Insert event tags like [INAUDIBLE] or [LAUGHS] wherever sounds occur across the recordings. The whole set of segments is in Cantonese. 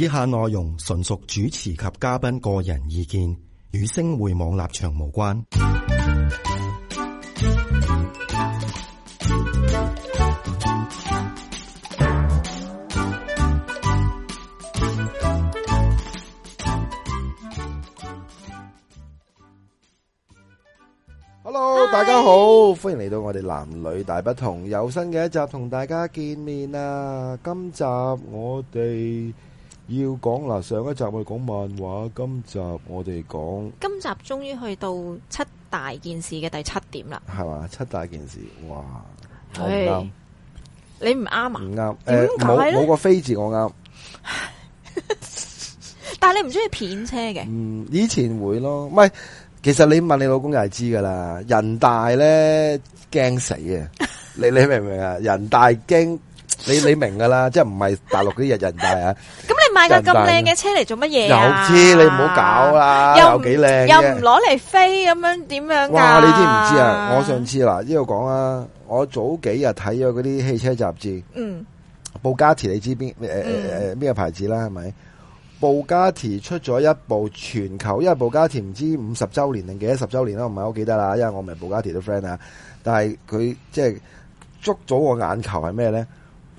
以下內容純屬主持及嘉賓個人意見，與星匯網立場無關。Hello、Hi. 大家好，歡迎嚟到我哋男女大不同有新嘅一集同大家見面啊！今集我哋。要講嗱，上一集我哋講漫畫，今集我哋講。今集終於去到七大件事嘅第七點啦，係嘛？七大件事，哇！唔啱，你唔啱啊？唔啱，點解？誒，冇、呃、冇個飛字我啱， [LAUGHS] 但係你唔中意片車嘅。嗯，以前會咯，唔係，其實你問你老公又係知噶啦。人大咧驚死啊！ [LAUGHS] 你你明唔明啊？人大驚。 [LAUGHS] 你你明噶啦，即係唔係大陸嗰啲日日大啊？咁 [LAUGHS] 你買架咁靚嘅車嚟做乜嘢，有知你唔好搞啦，又幾靚又唔攞嚟飛咁樣點樣噶？啊？哇！你知唔知啊？我上次嗱，呢度講啊，我早幾日睇咗嗰啲汽車雜誌。嗯。布加迪你知邊誒誒誒邊個牌子啦？係、嗯、咪？布加迪出咗一部全球，因為布加迪唔知五十周年定幾多十周年啦，唔係好記得啦，因為我唔係布加迪都 friend 啊。但係佢即係捉咗我眼球係咩咧？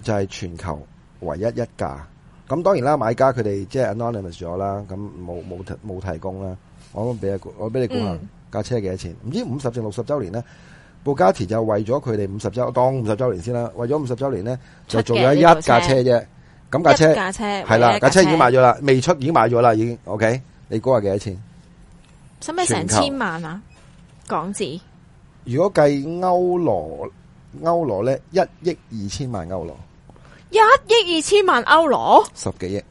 就係、是、全球唯一一架。咁當然啦，買家佢哋即係 anonymous 咗啦，咁冇冇冇提供啦。我俾我俾你估下架，嗯、車幾多錢？唔知五十定六十周年呢，布加迪就為咗佢哋五十周當五十周年先啦。為咗五十周年呢，就做咗一架車啫。咁架車架車係啦，架車已經賣咗啦，未出已經賣咗啦，已經。OK，你估下幾多錢？使咩成千萬啊？港紙？如果計歐羅，歐羅咧一億二千萬歐羅。一億二千萬歐羅，十幾億，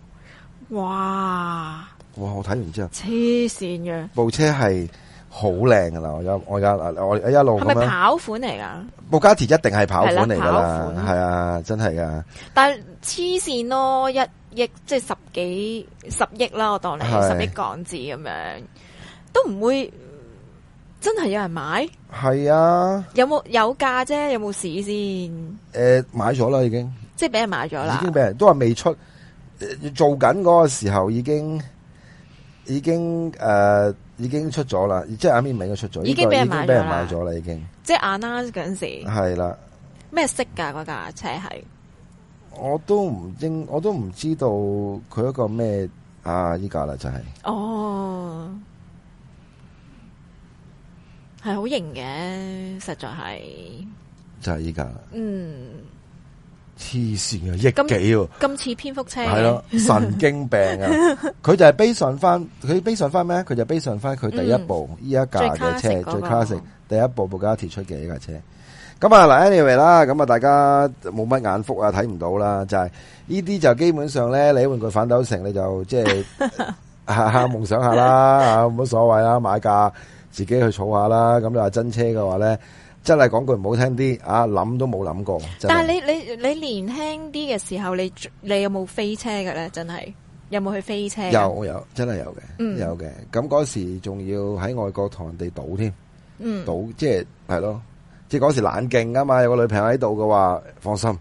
哇！哇！我睇完之後，黐線嘅部車係好靚噶啦！我而我而家我一路係咪跑款嚟噶？布加迪一定係跑款嚟噶啦，係啊，真係噶！但黐線咯，一億即係十幾十億啦，我當你十億港紙咁樣，都唔會真係有人買？係啊，有冇有價啫？有冇市先？誒、呃，買咗啦，已經。即係俾人買咗啦，已經俾人都話未出，呃、做緊嗰個時候已經已經誒、呃、已經出咗啦，即係阿 Mimi 都出咗，已經俾人買咗啦，這個，已經。即係啱啱嗰陣時。係啦。咩色噶架車係？我都唔應，我都唔知道佢一個咩啊依架啦，就係、是。哦。係好型嘅，實在係。就係依架。嗯。黐線啊，億幾喎！咁似蝙蝠車，係咯，神經病啊！佢 [LAUGHS] 就係 based on，佢 based on 咩？佢就 based on 佢第一部依一架嘅車，最 classic，第一部 Bugatti 出嘅一架車。咁、那個、啊，嗱，anyway 啦，咁啊，大家冇乜眼福啊，睇唔到啦，就係呢啲就基本上咧，你換個反斗城，你就即係哈哈，夢、就是 [LAUGHS] 啊、想下啦，吓冇乜所謂啦，買架自己去儲下啦。咁又話真車嘅話咧？真係講句唔好聽啲，啊諗都冇諗過。真但係你你你年輕啲嘅時候，你你有冇飛車嘅咧？真係有冇去飛車？有有真係有嘅，有嘅。咁嗰、嗯、時仲要喺外國同人哋賭添，嗯賭即係係咯，即係嗰時懶勁吖嘛。有個女朋友喺度嘅話，放心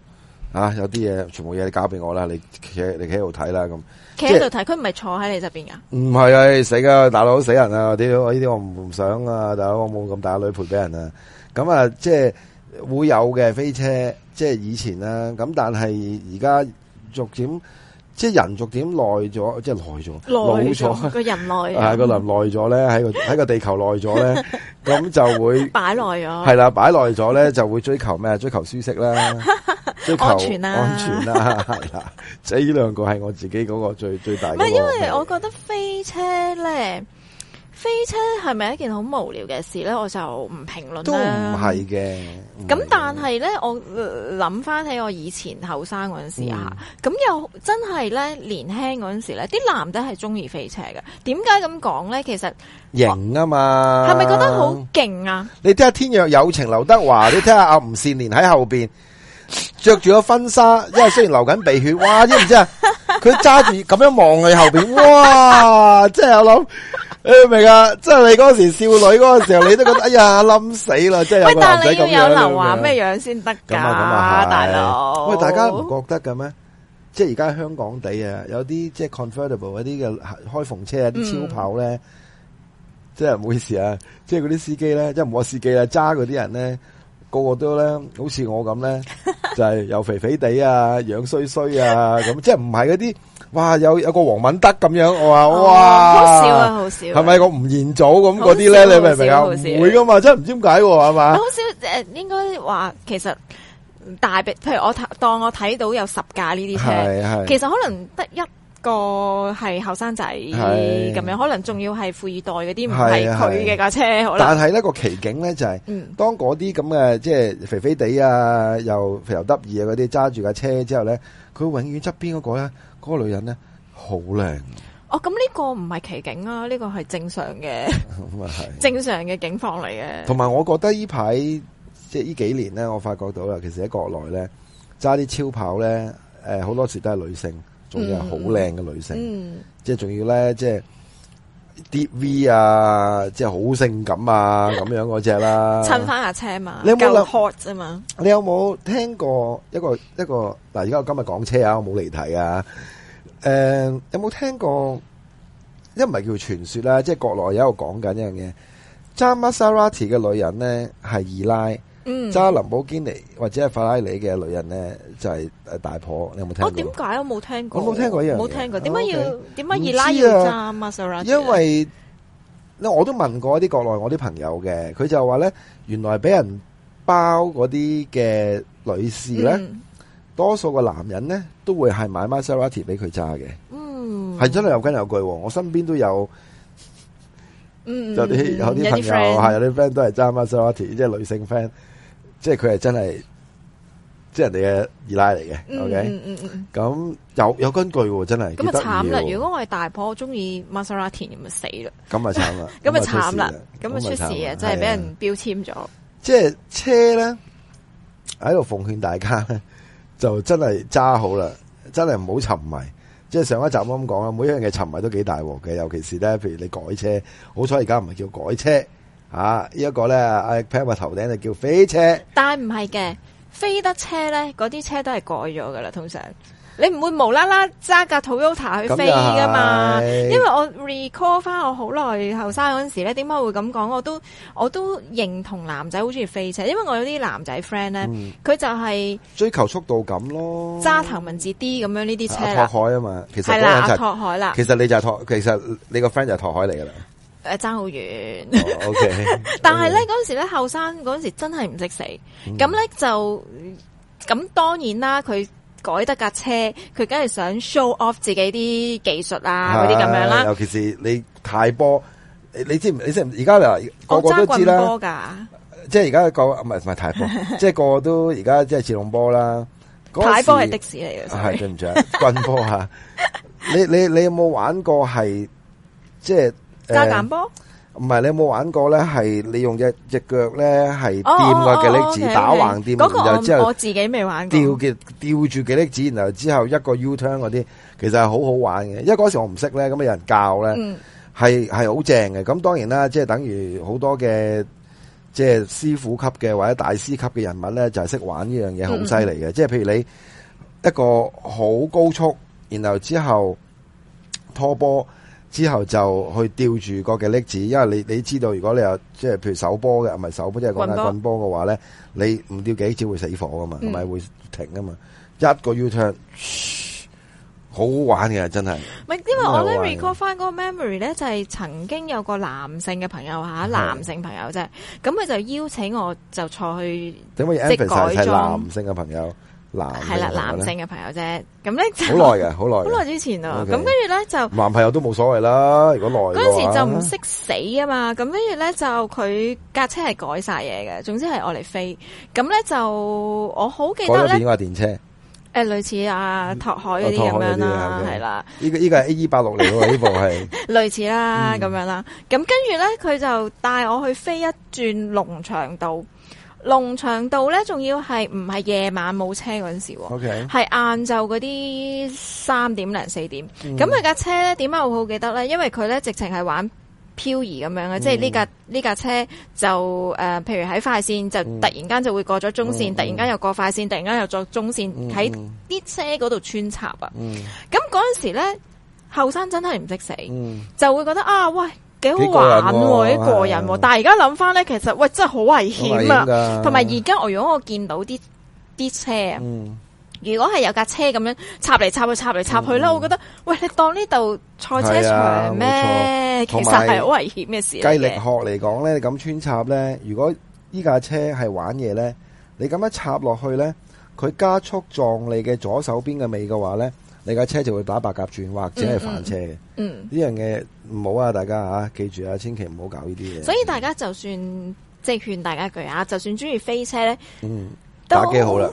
啊。有啲嘢全部嘢你交俾我啦，你企你企喺度睇啦，咁企喺度睇。佢唔係坐喺你側邊噶，唔係啊死噶大佬死人啊！屌呢啲我唔唔想啊！大佬我冇咁大女陪俾人啊。咁啊，即係會有嘅飛車，即係以前啦、啊。咁但係而家逐點，即係人逐點耐咗，即係耐咗，耐咗個人耐個、嗯、耐咗咧，喺個喺個地球耐咗咧，咁 [LAUGHS] 就會擺耐咗，係啦，擺耐咗咧就會追求咩？追求舒適啦，追求 [LAUGHS] 安全啦、啊啊，係啦，即係呢兩個係我自己嗰個最最大。嘅。唔係，因為我覺得飛車咧。飛車係咪一件好無聊嘅事咧？我就唔評論啦。都唔係嘅。咁但係咧，我諗翻起我以前後生嗰陣時啊，咁又真係咧年輕嗰陣時咧，啲男仔係中意飛車嘅。點解咁講咧？其實型啊嘛。係咪覺得好勁啊？你聽下天若有情，劉德華，你聽下阿吳善連喺後邊着住個婚紗，因為雖然流緊鼻血，哇！知唔知啊？佢揸住咁樣望佢後邊，哇！即係我諗。誒，明啊！即係你嗰時少女嗰個時候，你都覺得哎呀冧死啦！即 [LAUGHS] 係有個男，但係你要有能力，話咩樣先得噶，大佬。喂，大家唔覺得嘅咩？即係而家香港地啊，有啲即係 convertible 嗰啲嘅開逢車啊，啲超跑咧、嗯，即係唔好意思啊！即係嗰啲司機咧，即係唔係司機啊，揸嗰啲人咧，個個都咧，好似我咁咧，就係、是、又肥肥地啊，樣衰衰啊，咁 [LAUGHS] 即係唔係嗰啲。哇！有有個王敏德咁樣，我話哇，哦、好少啊，好少、啊，係咪個吳彥祖咁嗰啲咧？你明唔明好啊？好啊會噶嘛？真係唔知點解喎，係嘛？好少誒、啊，應該話其實大比，譬如我當我睇到有十架呢啲車，其實可能得一個係後生仔咁樣，可能仲要係富二代嗰啲，唔係佢嘅架車，可能。但係呢個奇景咧就係、是嗯，當嗰啲咁嘅即係肥肥地啊，又肥又得意啊嗰啲揸住架車之後咧，佢永遠側邊嗰個咧。嗰、那個女人咧好靚哦！咁呢個唔係奇景啊，呢、這個係正常嘅 [LAUGHS] 正常嘅景況嚟嘅。同埋我覺得依排即係呢幾年咧，我發覺到啦，其實喺國內咧揸啲超跑咧，誒、呃、好多時都係女性，仲要係好靚嘅女性，嗯嗯、即係仲要咧即係。跌 V 啊，即係好性感啊，咁樣嗰隻啦，襯翻下車嘛，夠 hot 啊嘛。你有冇聽過一個一個嗱？而家我今日講車沒來啊，我冇離題啊。誒，有冇聽過？因為唔係叫傳說啦，即係國內有一個講緊一樣嘢，揸 Maserati 嘅女人咧係二奶。是 Eli, 揸林寶堅尼或者係法拉利嘅女人咧，就係、是、誒大婆，你有冇聽過，哦？我點解我冇聽過？我冇聽過呢樣嘢，冇聽過。點解要點解二奶要揸 Maserati？啊、因為，我都問過啲國內我啲朋友嘅，佢就話咧，原來俾人包嗰啲嘅女士咧，多數個男人咧都會係買 Maserati 俾佢揸嘅。嗯、係、嗯、真係有根有據。我身邊都有，嗯、嗯，有啲有啲朋友係有啲 friend、嗯、都係揸 Maserati，即係女性 friend。即係佢係真係，即係人哋嘅二奶嚟嘅。OK，咁有有根據喎，真係。咁啊慘啦！如果我係大婆，我中意 Maserati，咪死喇！咁啊慘啦！咁啊慘啦！咁啊出事,出事,出事,出事啊！真係俾人標籤咗。即係車咧，喺度奉勸大家咧， [LAUGHS] 就真係揸好啦，真係唔好沉迷。即係上一集我咁講啦，每一樣嘢沉迷都幾大鑊嘅，尤其是咧，譬如你改車，好彩而家唔係叫改車。啊！呢一個咧，阿 Pat 話頭頂就叫飛車，但係唔係嘅，飛得車咧，嗰啲車都係改咗噶啦。通常你唔會無啦啦揸架 Toyota 去飛噶嘛，因為我 recall 翻我好耐後生嗰陣時咧，點解會咁講？我都我都認同男仔好中意飛車，因為我有啲男仔 friend 咧，佢、嗯、就係追求速度感咯，揸頭文字 D 咁樣呢啲車、啊。拓海啊嘛，其實係啦、就是啊，拓海啦，其實你就係、是、托，其實你個 friend 就係拓海嚟噶啦。誒、oh, okay, okay, okay.，爭好遠，但係咧嗰陣時咧後生嗰陣時真係唔識死，咁、嗯、咧就咁當然啦，佢改得架車，佢梗係想 show off 自己啲技術啊嗰啲咁樣啦。尤其是你太波，你知唔你知唔？而家嗱，個,個個都知啦，即係而家個唔係唔係太波， [LAUGHS] 即係個個都而家即係自動波啦。 [LAUGHS] 太波係的士嚟嘅，係、啊、對唔住， [LAUGHS] 棍波吓、啊。你你你有冇玩過係即係？加減波？唔係，你有冇玩過咧？係你用隻隻腳咧係掂個幾粒子打橫掂，然後之後我自己未玩過，吊嘅吊住幾粒子，然後之後一個 U turn 嗰啲，其實係好好玩嘅。因為嗰時我唔識咧，咁啊有人教咧，係係好正嘅。咁當然啦，即係等於好多嘅即係師傅級嘅或者大師級嘅人物咧，就係識玩呢樣嘢好犀利嘅。即係譬如你一個好高速，然後之後拖波。之後就去吊住個嘅粒子，因為你你知道，如果你有即係譬如手波嘅，唔係手波，即係講緊棍波嘅話咧，你唔吊幾次會死火噶嘛，同、嗯、埋會停噶嘛，一個 U turn，好好玩嘅，真係。係，因為我咧 recall 翻個 memory 咧，就係曾經有個男性嘅朋友吓，男性朋友啫，咁佢就邀請我就坐去，即係改裝男性嘅朋友。男係啦，男性嘅朋友啫。咁咧好耐嘅，好耐好耐之前啊。咁跟住咧就男朋友都冇所謂啦。如果耐嗰陣時就唔識死啊嘛。咁跟住咧就佢架車係改晒嘢嘅，總之係我嚟飛。咁咧就我好記得咧。改咗點個電車？誒，類似阿、啊、拓海嗰啲咁樣啦，係、啊、啦。呢、okay. [LAUGHS] 這個呢、這個係 A E 八六嚟嘅喎，呢部係類似啦咁樣啦。咁跟住咧，佢就帶我去飛一轉農場道。龍翔道咧，仲要係唔係夜晚冇車嗰陣時，係晏晝嗰啲三點零四點。咁佢架車咧，點解我好記得咧？因為佢咧直情係玩漂移咁樣嘅，嗯，即係呢架呢架車就誒、呃，譬如喺快綫就、嗯、突然間就會過咗中線，嗯、突然間又過快綫，突然間又作中綫，喺、嗯、啲車嗰度穿插啊！咁嗰陣時咧，後生真係唔識死，嗯，就會覺得啊，喂！幾好玩喎，一個人喎！但係而家諗翻咧，其實喂真係好危險啊！同埋而家，我如果我見到啲啲車、嗯，如果係有架車咁樣插嚟插去、插嚟插去咧，我覺得喂，你當呢度賽車場咩？其實係好危險嘅事。計力學嚟講咧，你咁穿插咧，如果呢架車係玩嘢咧，你咁樣插落去咧，佢加速撞你嘅左手邊嘅尾嘅話咧。你架車就會打白鴿轉或者係翻車嘅，呢樣嘢唔好啊！大家吓、啊、記住啊，千祈唔好搞呢啲嘢。所以大家就算即係勸大家一句啊，就算中意飛車咧，嗯，都打機好啦。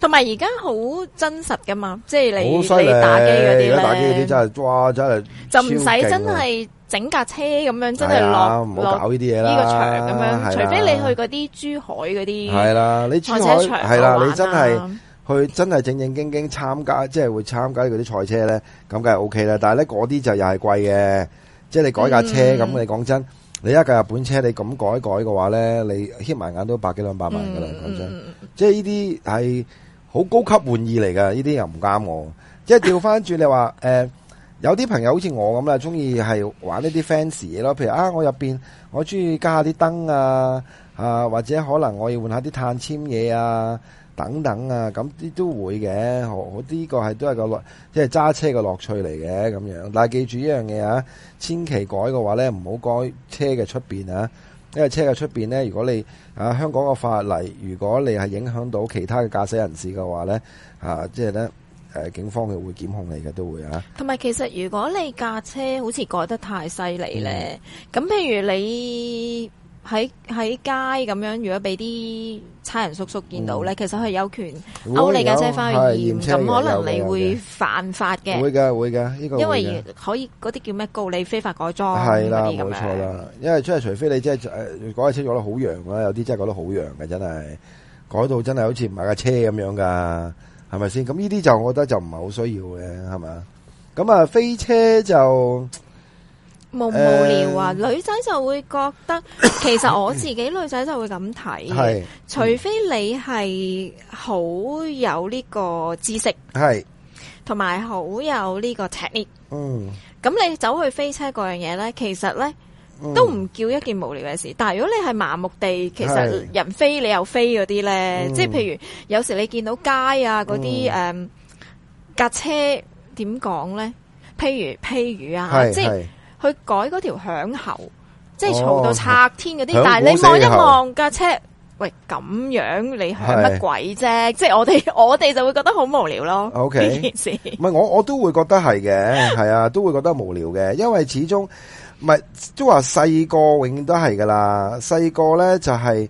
同埋而家好真實噶嘛，即係好犀利你打機嗰啲咧，打機嗰啲真係哇，真係就唔使真係整架車咁樣，真係落唔好搞呢啲嘢啦。呢、這個場咁樣，除非你去嗰啲珠海嗰啲，係啦，你珠海係啦，你真係。去真係正正經經參加，即係會參加嗰啲賽車咧，咁梗係 O K 啦。但係咧，嗰啲就又係貴嘅，即係你改架車咁，嗯、你講真，你一架日本車，你咁改改嘅話咧，你掀埋眼都百幾兩百萬噶啦。講真，即係呢啲係好高級玩意嚟噶，呢啲又唔啱我。即係調翻轉你話，誒、呃，有啲朋友好似我咁啦，中意係玩呢啲 fans 嘢咯。譬如啊，我入邊我中意加下啲燈啊，啊或者可能我要換下啲碳纖嘢啊。等等啊，咁啲都會嘅，我我呢個係都係個即係揸車嘅樂趣嚟嘅咁樣。但係記住一樣嘢啊，千祈改嘅話呢，唔好改車嘅出面啊，因為車嘅出面呢，如果你啊香港個法例，如果你係影響到其他嘅駕駛人士嘅話呢，啊即係呢，警方佢會檢控你嘅都會啊。同埋其實如果你駕車好似改得太犀利呢，咁、嗯、譬如你。喺喺街咁樣，如果俾啲差人叔叔見到咧、嗯，其實係有權勾你架車翻去驗，咁可能你會犯法嘅。會嘅會嘅，依個因為可以嗰啲叫咩告你非法改裝？係啦，冇錯啦。因為真係除非你真係誒改架車改得好樣啦，有啲真係改得好樣嘅，真係改到真係好似買架車咁樣噶，係咪先？咁呢啲就我覺得就唔係好需要嘅，係咪？咁啊，飛車就～冇無聊啊，女仔就會覺得，其實我自己女仔就會咁睇嘅。除非你係好有呢個知識，係同埋好有呢個 technique。嗯，咁你走去飛車嗰樣嘢咧，其實咧都唔叫一件無聊嘅事。但係如果你係麻木地，其實人飛你又飛嗰啲咧，即係譬如有時你見到街啊嗰啲誒架車點講咧，譬如譬如啊，即係。去改嗰條響喉，即係嘈到拆天嗰啲、哦。但係你望一望架車，喂咁樣你響乜鬼啫？即係我哋我哋就會覺得好無聊咯。O K，呢件事唔係我我都會覺得係嘅，係 [LAUGHS] 啊，都會覺得無聊嘅，因為始終唔係都話細個永遠都係噶啦，細個咧就係、係。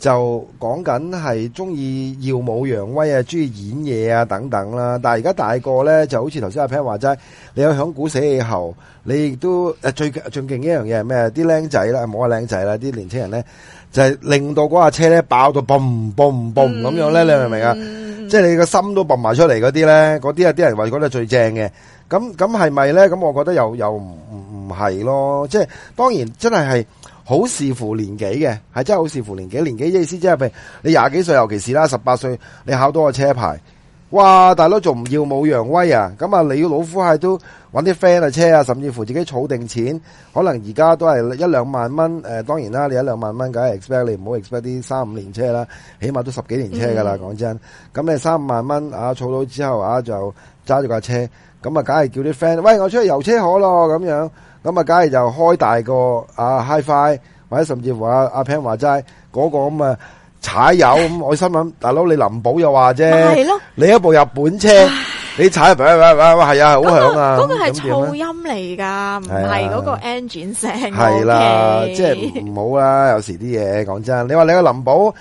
就講緊係中意耀武揚威啊，中意演嘢啊等等啦。但係而家大個咧，就好似頭先阿 Peter 話齋，你有響股死氣喉，你亦都誒最最勁嘅一樣嘢係咩？啲僆仔啦，冇話僆仔啦，啲年青人咧就係令到嗰架車咧爆到嘣嘣嘣咁樣咧，你明唔明啊？即係你個心都嘣埋出嚟嗰啲咧，嗰啲啊啲人話覺得最正嘅。咁咁係咪咧？咁我覺得又又唔唔係咯。即係當然真係係。好視乎年紀嘅，係真係好視乎年紀。年紀即意思即係譬如你廿幾歲，尤其是啦，十八歲你考多個車牌，哇！大佬仲唔耀武揚威啊？咁啊，你要老奉係都搵啲 friend 嘅車啊，甚至乎自己儲定錢，可能而家都係一兩萬蚊、呃。當然啦，你一兩萬蚊梗係 expect，你唔好 expect 啲三五年車啦，起碼都十幾年車噶啦，講、嗯、真。咁你三五萬蚊啊，儲到之後啊，就揸住架車。咁啊，梗係叫啲 friend，喂，我出去遊車河咯，咁樣，咁啊，梗係就開大個啊，HiFi，或者甚至乎阿阿 Pam 話齋嗰個咁啊，踩油咁。我心諗，大佬你林寶又話啫，你一部日本車，你踩入嚟。喂，係啊，好響啊，嗰個係噪音嚟噶，唔係嗰個 engine 聲，係啦，即係唔好啦，有時啲嘢講真，你話你個林寶。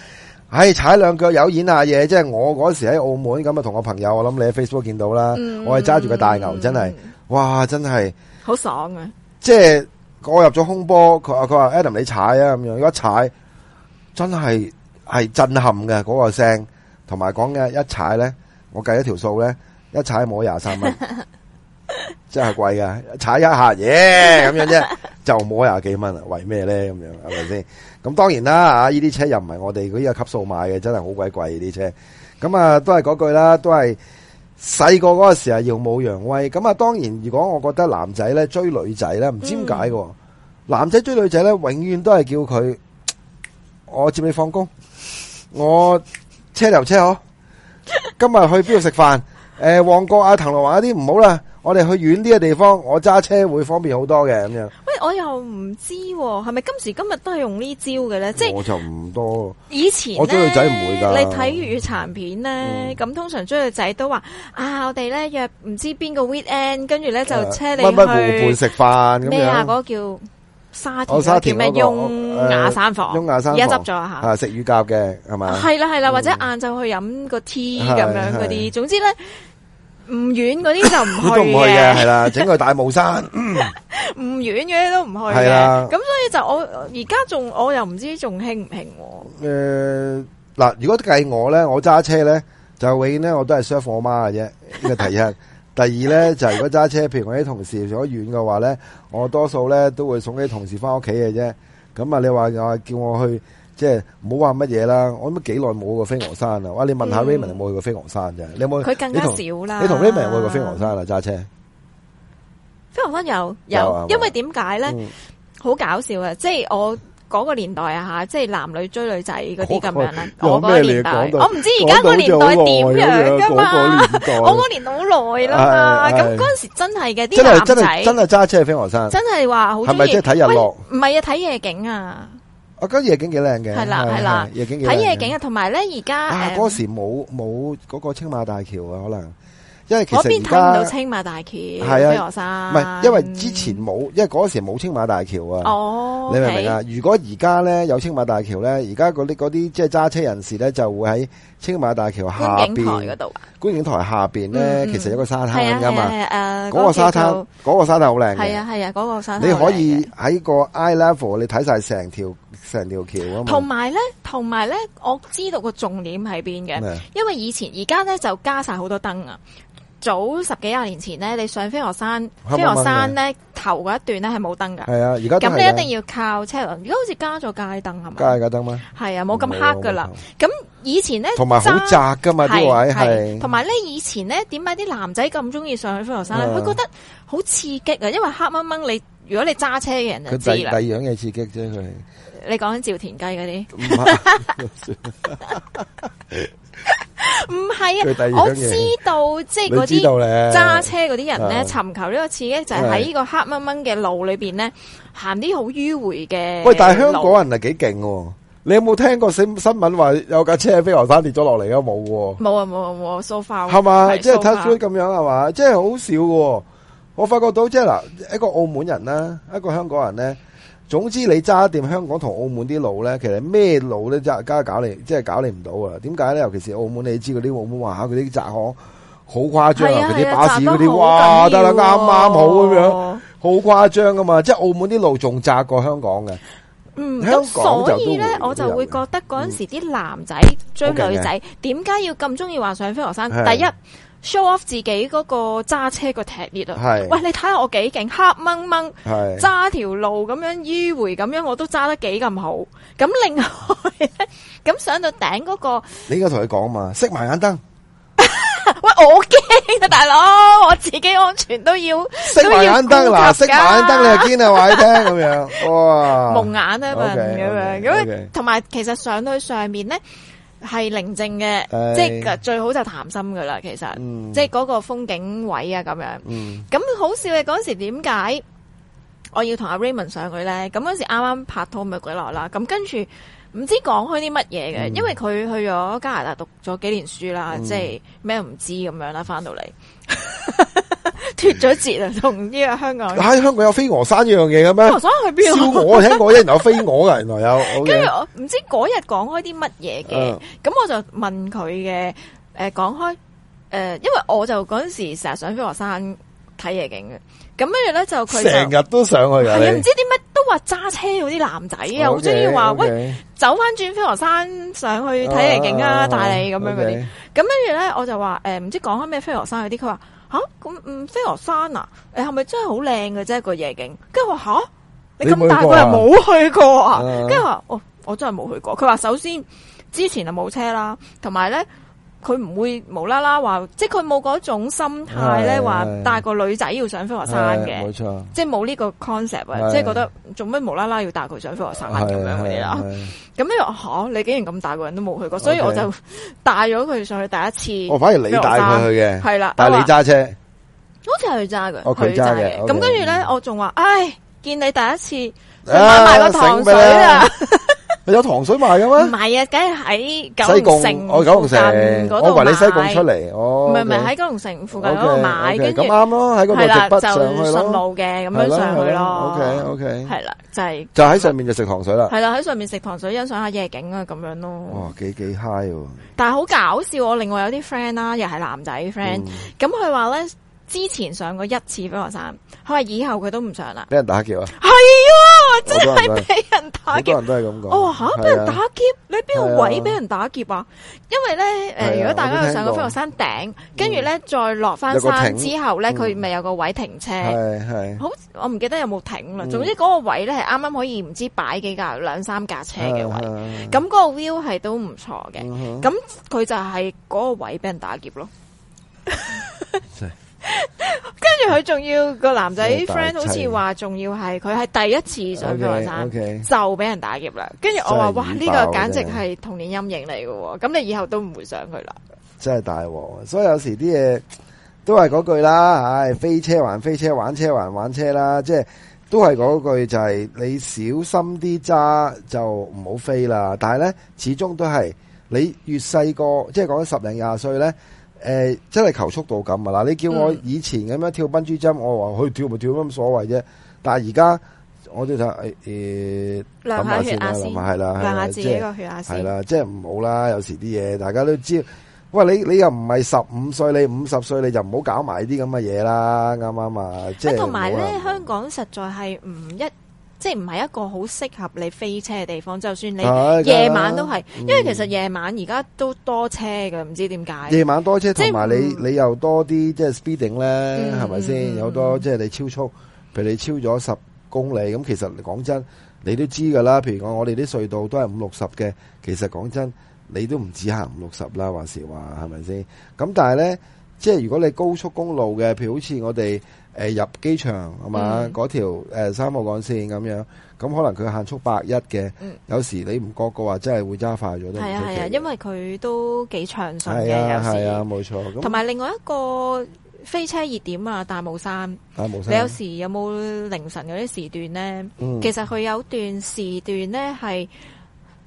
唉、哎，踩兩腳有演下嘢，即係我嗰時喺澳門咁啊，同我朋友，我諗你喺 Facebook 見到啦、嗯。我係揸住個大牛，嗯、真係，哇，真係，好爽啊！即係我入咗空波，佢佢話 Adam 你踩啊，咁樣一踩，真係係震撼嘅嗰、那個聲，同埋講嘅一踩咧，我計咗條數咧，一踩冇廿三蚊。 [LAUGHS] 真係貴噶，踩一下嘢咁，yeah, 樣啫，就冇廿幾蚊啊，為咩咧？咁樣係咪先？咁當然啦，啊，呢啲車又唔係我哋嗰啲級數買嘅，真係好鬼貴啲車。咁啊，都係嗰句啦，都係細個嗰個時啊，耀武揚威。咁啊，當然，如果我覺得男仔咧追女仔咧唔知點解嘅，嗯、男仔追女仔咧，永遠都係叫佢我接你放工，我車頭車好今日去邊度食飯？誒，旺角阿騰龍話啲唔好啦。我哋去遠啲嘅地方，我揸車會方便好多嘅咁樣。喂，我又唔知係咪、啊、今時今日都係用這招的呢招嘅咧？即係我就唔多。以前我追女仔唔會㗎。你睇粵語殘片咧，咁、嗯、通常追女仔都話啊，我哋咧約唔知邊個 weekend，跟住咧就車你去。乜乜湖畔食飯咁樣。咩啊？嗰、那個叫沙田叫咩？雍、哦、雅、那個、山房。雍、呃、雅山房。而家執咗吓。食乳鴿嘅係咪？係啦係啦，或者晏晝去飲個 tea 咁、啊啊、樣嗰啲、啊啊，總之咧。唔遠嗰啲就唔去嘅，係 [COUGHS] 啦，整個大帽山。唔遠嘅都唔去啦，咁所以就我而家仲我又唔知仲興唔興。誒，嗱，如果計我咧，我揸車咧就永遠咧，我都係 serve 我媽嘅啫。呢個第一，第二咧就如果揸車，譬如我啲同事如果遠嘅話咧，我多數咧都會送啲同事翻屋企嘅啫。咁啊，你話又叫我去？即係唔好話乜嘢啦，我咁幾耐冇過飛鵝山啦。哇，你問下 Raymond 有冇去過飛鵝山啫？你有冇？佢、嗯、更加少啦。你同 Raymond 有冇去過飛鵝山啊？揸車，飛鵝山有有，有、啊，因為點解咧？好、嗯、搞笑啊！即係我嗰個年代啊吓、嗯，即係男女追女仔嗰啲咁樣啦。我咩年代？我唔知而家個年代點樣噶、那個、 [LAUGHS] 嘛。我嗰年好耐啦，咁嗰陣時真係嘅，啲。真係真係揸車去飛鵝山，真係話好係咪即係睇日落？唔係啊，睇夜景啊。我覺得夜景幾靚嘅。係啦係啦，夜景幾靚，睇夜景啊，同埋咧而家，嗰時冇冇嗰個青馬大橋啊，可能，因為其實我邊睇唔到青馬大橋，係啊，飛鵝山，唔係，因為之前冇，因為嗰時冇青馬大橋啊。哦，你明唔明啊？如果而家咧有青馬大橋咧，而家嗰啲嗰啲即係揸車人士咧就會喺。青馬大橋下邊，觀景台嗰度啊，觀景台下邊咧、嗯，其實有個沙灘噶嘛，嗰、嗰個沙灘嗰、嗰個沙灘好靚，係啊係啊，嗰個沙灘、嗰個。你可以喺個 eye level，你睇晒成條成條橋啊嘛。同埋咧，同埋咧，我知道個重點喺邊嘅，因為以前而家咧就加晒好多燈啊。早十幾廿年前咧，你上飛鵝山，飛鵝山咧頭嗰一段咧係冇燈噶，係啊，而家咁你一定要靠車輪。而家好似加咗街燈係嘛？街街燈咩？係啊，冇咁黑噶啦。咁以前咧，同埋好窄噶嘛呢位係。同埋咧，以前咧，點解啲男仔咁中意上去飛鵝山咧？佢、啊、覺得好刺激啊，因為黑掹掹你。如果你揸車嘅人，佢第第二樣嘅刺激啫，佢。你講緊照田雞嗰啲？唔係啊！我知道，即係嗰啲揸車嗰啲人咧，尋求呢個刺激就喺呢個黑蚊蚊嘅路裏邊咧，行啲好迂回嘅。喂，但係香港人係幾勁嘅，你有冇聽過新新聞話有架車喺飛鵝山跌咗落嚟啊？冇嘅，冇啊，冇冇冇，so far 係嘛，即係 touch wood 咁樣係嘛，即係好少嘅。我發覺到，即係嗱，一個澳門人啦，一個香港人咧，總之你揸掂香港同澳門啲路咧，其實咩路呢？揸，家搞你，即係搞你唔到啊！點解咧？尤其是澳門，你知嗰啲澳門話下，佢啲窄巷好誇張啊！啲巴士啲，哇，得啦，啱，啊，啱好咁樣，好誇張啊，啊，誇張㗎嘛！即係澳門啲路仲窄過香港嘅。嗯，香港所以咧，我就會覺得嗰陣時啲男仔追女仔，點解要咁中意話上飛鵝山？第一。show off 自己嗰個揸車個踢熱啊！喂，你睇下我幾勁，黑掹掹揸條路咁樣迂回咁樣，我都揸得幾咁好。咁另外呢，咁上到頂嗰個，你依家同佢講嘛？熄埋眼燈。 [LAUGHS] 喂，我驚啊，大佬，我自己安全都要熄埋眼燈嗱，熄眼燈你又見啊？話你聽咁樣，哇！蒙眼啊嘛咁樣，咁同埋其實上到去上面咧。係寧靜嘅，即係最好就談心噶啦，其實，嗯、即係嗰個風景位啊，咁樣。咁、嗯、好笑嘅嗰時點解我要同阿 Raymond 上去咧？咁嗰時啱啱拍拖咪鬼落啦。咁跟住唔知講開啲乜嘢嘅，因為佢去咗加拿大讀咗幾年書啦、嗯，即係咩唔知咁樣啦，翻到嚟。嗯 [LAUGHS] 脫咗節啊，同啲啊香港。啊，香港有飛鵝山呢樣嘢嘅咩？所以我去邊燒鵝聽過，原來、啊、 [LAUGHS] 有飛鵝噶、啊，原來有。跟、okay、住我唔知嗰日講開啲乜嘢嘅，咁、啊、我就問佢嘅，誒、呃，講開，誒、呃，因為我就嗰陣時成日上飛鵝山睇夜景嘅，咁跟住咧就佢成日都上去嘅。係啊，唔知啲乜都話揸車嗰啲男仔啊，好中意話喂，走翻轉飛鵝山上去睇夜景啊，帶你咁樣嗰啲。咁跟住咧，我就話誒，唔、呃、知講開咩飛鵝山嗰啲，佢話。吓、啊、咁，嗯，飛鵝山啊，誒、欸，係咪真係好靚嘅啫？個夜景，跟住話吓，你咁大個又冇去過啊？跟住話，我說 uh... 哦，我真係冇去過。佢話首先之前就冇車啦，同埋咧。佢唔會無啦啦話，即係佢冇嗰種心態咧，話帶個女仔要上飛鵝山嘅，即係冇呢個 concept 啊，即係覺得做咩無啦啦要帶佢上飛鵝山咁樣嗰啲啦。咁你你竟然咁大個人都冇去過，okay. 所以我就帶咗佢上去第一次。我反而你帶佢去嘅，係啦，但你揸車，好似係佢揸嘅，佢揸嘅。咁跟住咧，我仲話，唉、哎，見你第一次想買埋個糖水啊！ [LAUGHS] 有糖水賣㗎咩？唔係啊，梗係喺九龍城，我九龍城你嗰度買。唔係唔係喺九龍城附近嗰度買，跟住咁啱咯，喺嗰度直筆上去咯。係啦，就順路嘅咁樣上去咯。OK OK，係啦，就係、是、就喺上面就食糖水啦。係啦，喺上面食糖水，欣賞下夜景啊，咁樣咯。哇、哦，幾幾 high 喎、啊！但係好搞笑，我另外有啲 friend 啦，又係男仔 friend，咁佢話咧之前上過一次飛鵝山，佢話以後佢都唔上啦。俾人打劫啊！係啊！真係俾人打劫，好多人都係咁講。我話吓俾人打劫，你邊個位俾人打劫啊？因為咧，誒，如果大家去上個飛鵝山頂，跟住咧再落翻山之後咧，佢咪有個位停車。係係。好，我唔記得有冇停啦。總之嗰個位咧係啱啱可以唔知擺幾架兩三架車嘅位。咁嗰個 view 係都唔錯嘅。咁佢就係嗰個位俾人打劫咯。跟住佢仲要個男仔 friend 好似話仲要係佢係第一次上飛鵝山 okay, okay。就俾人打劫啦。跟住我話哇呢、這個簡直係童年陰影嚟嘅，咁你以後都唔會上去啦。真係大鑊，所以有時啲嘢,都係嗰句啦，唉，飛車還飛車，玩車還玩車啦，即係都係嗰句、就是，就係你小心啲揸就唔好飛啦。但係呢，始終都係你越細個，即係講十零廿歲呢。誒、欸，真係求速度咁啊！嗱，你叫我以前咁樣跳笨豬跳，我話去跳咪跳，咁所謂啫。但係而家我都要睇，誒，量下血壓先，係啦，即係即係唔好啦。有時啲嘢大家都知，喂，你你又唔係十五歲，你五十歲，你就唔好搞埋啲咁嘅嘢啦，啱啱啊？即、就、係、是，同埋咧，香港實在係唔一。即係唔係一個好適合你飛車嘅地方，就算你夜晚都係，嗯、因為其實夜晚而家都多車嘅，唔知點解。夜晚多車同埋你你又多啲即係 speeding 咧，係咪先？有多，即係 speeding，係嗯、有多即係你超速，譬如你超咗十公里，咁其實講真，你都知㗎啦。譬如講我哋啲隧道都係五六十嘅，其實講真，你都唔止行五六十啦，話時話係咪先？咁但係咧。即係如果你高速公路嘅，譬如好似我哋誒、呃、入機場係嘛嗰條誒三號幹線咁樣，咁可能佢限速百一嘅，有時你唔覺覺話真係會揸快咗都係係啊係啊，因為佢都幾暢順嘅有係啊係啊，冇錯。同埋、啊、另外一個飛車熱點啊，大帽山。大帽山、啊。你有時有冇凌晨嗰啲時段咧、嗯？其實佢有段時段咧係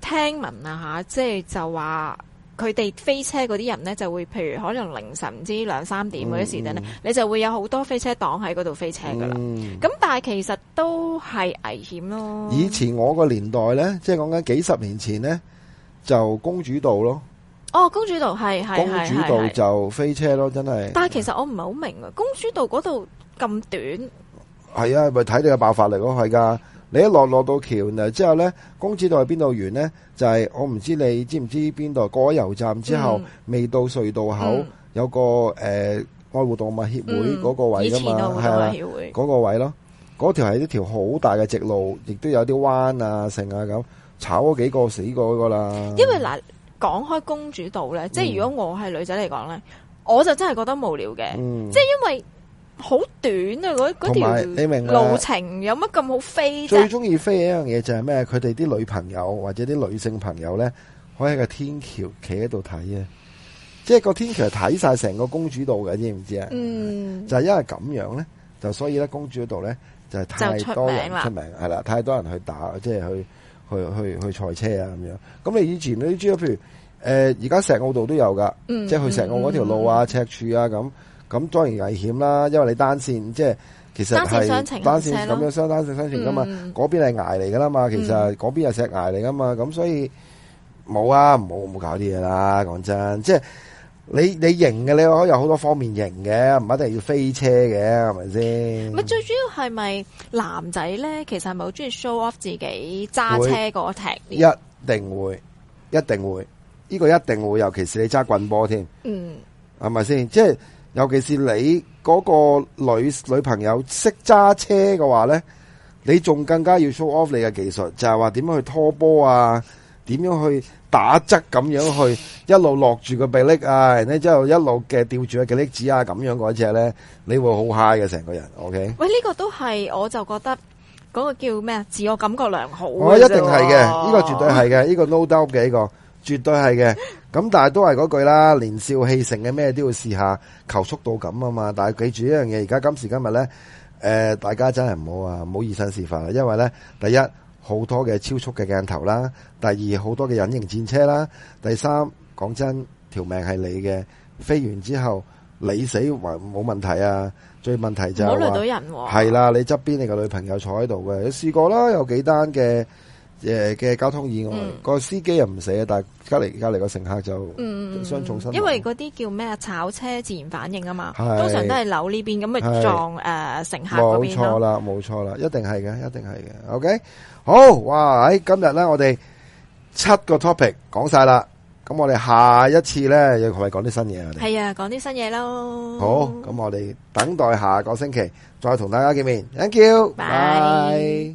聽聞啊吓，即係就話。佢哋飛車嗰啲人咧，就會譬如可能凌晨唔知兩三點嗰啲時段咧、嗯，你就會有好多飛車黨喺嗰度飛車噶啦。咁、嗯、但係其實都係危險咯。以前我個年代咧，即係講緊幾十年前咧，就公主道咯。哦，公主道係，係公主道就飛車咯，真係。但係其實我唔係好明啊，公主道嗰度咁短，係啊，咪睇你嘅爆發力咯，係噶。你一落落到橋之後呢，公主道係邊度完呢？就係、是、我唔知你知唔知邊度？過咗油站之後、嗯，未到隧道口，嗯、有個誒愛護動物協會嗰個位噶嘛？係啊，嗰、那個位咯。嗰條係一條好大嘅直路，亦都有啲彎啊、成啊咁，炒咗幾個死過一個啦。因為嗱，講開公主道呢，即係如果我係女仔嚟講呢，我就真係覺得無聊嘅、嗯，即係因為。好短啊！嗰嗰條路程有乜咁好飛？最中意飛嘅一樣嘢就係咩？佢哋啲女朋友或者啲女性朋友咧，可以喺個天橋企喺度睇啊！即係個天橋睇晒成個公主道嘅，知唔知啊？嗯，就係、是、因為咁樣咧，就所以咧公主道咧就係太多人出名係啦，太多人去打即係去去去去賽車啊咁樣。咁你以前你知啊？譬如誒，而、呃、家石澳度都有噶、嗯，即係去石澳嗰條路啊、嗯、赤柱啊咁。咁當然危險啦，因為你單線，即係其實係單線咁樣單線雙程噶嘛，嗰邊係崖嚟噶啦嘛，其實嗰邊係石崖嚟噶嘛，咁、嗯、所以冇啊，唔好唔好搞啲嘢啦，講真，即係你你型嘅，你可以有好多方面型嘅，唔一定要飛車嘅，係咪先？咪最主要係咪男仔咧？其實係咪好中意 show off 自己揸車嗰踢？一定會，一定會，呢、這個一定會，尤其是你揸棍波添，嗯，係咪先？即係。尤其是你嗰個女女朋友識揸車嘅話咧，你仲更加要 show off 你嘅技術，就係話點樣去拖波啊，點樣去打側咁樣去一路落住個臂力啊，然之後一路嘅吊住個幾粒子啊，咁樣嗰隻咧，你會好 high 嘅成個人，OK？喂，呢個都係，我就覺得嗰個叫咩啊，自我感覺良好啊，我一定係嘅，呢個絕對係嘅，呢個 no doubt 嘅呢個。絕對係嘅，咁但係都係嗰句啦，年少氣盛嘅咩都要試下，求速度咁啊嘛。但係記住一樣嘢，而家今時今日呢，誒、呃，大家真係唔好啊，唔好以身試法啦。因為呢：第一好多嘅超速嘅鏡頭啦，第二好多嘅隱形戰車啦，第三講真條命係你嘅，飛完之後你死冇問題啊。最問題就係，連累到人，啦、哦，你側邊你個女朋友坐喺度嘅，你試過啦，有幾單嘅。誒嘅交通意外，個司機又唔死啊，但係隔籬隔籬個乘客就傷重身亡。因為嗰啲叫咩啊？炒車自然反應啊嘛，通常都係扭呢邊咁咪撞誒乘客嗰邊咯。冇錯啦，冇錯啦，一定係嘅，一定係嘅。OK，好哇！喺今日咧，我哋七個 topic 講晒啦，咁我哋下一次咧又同你講啲新嘢。係啊，講啲新嘢咯。好，咁我哋等待下個星期再同大家見面。Thank you，拜拜。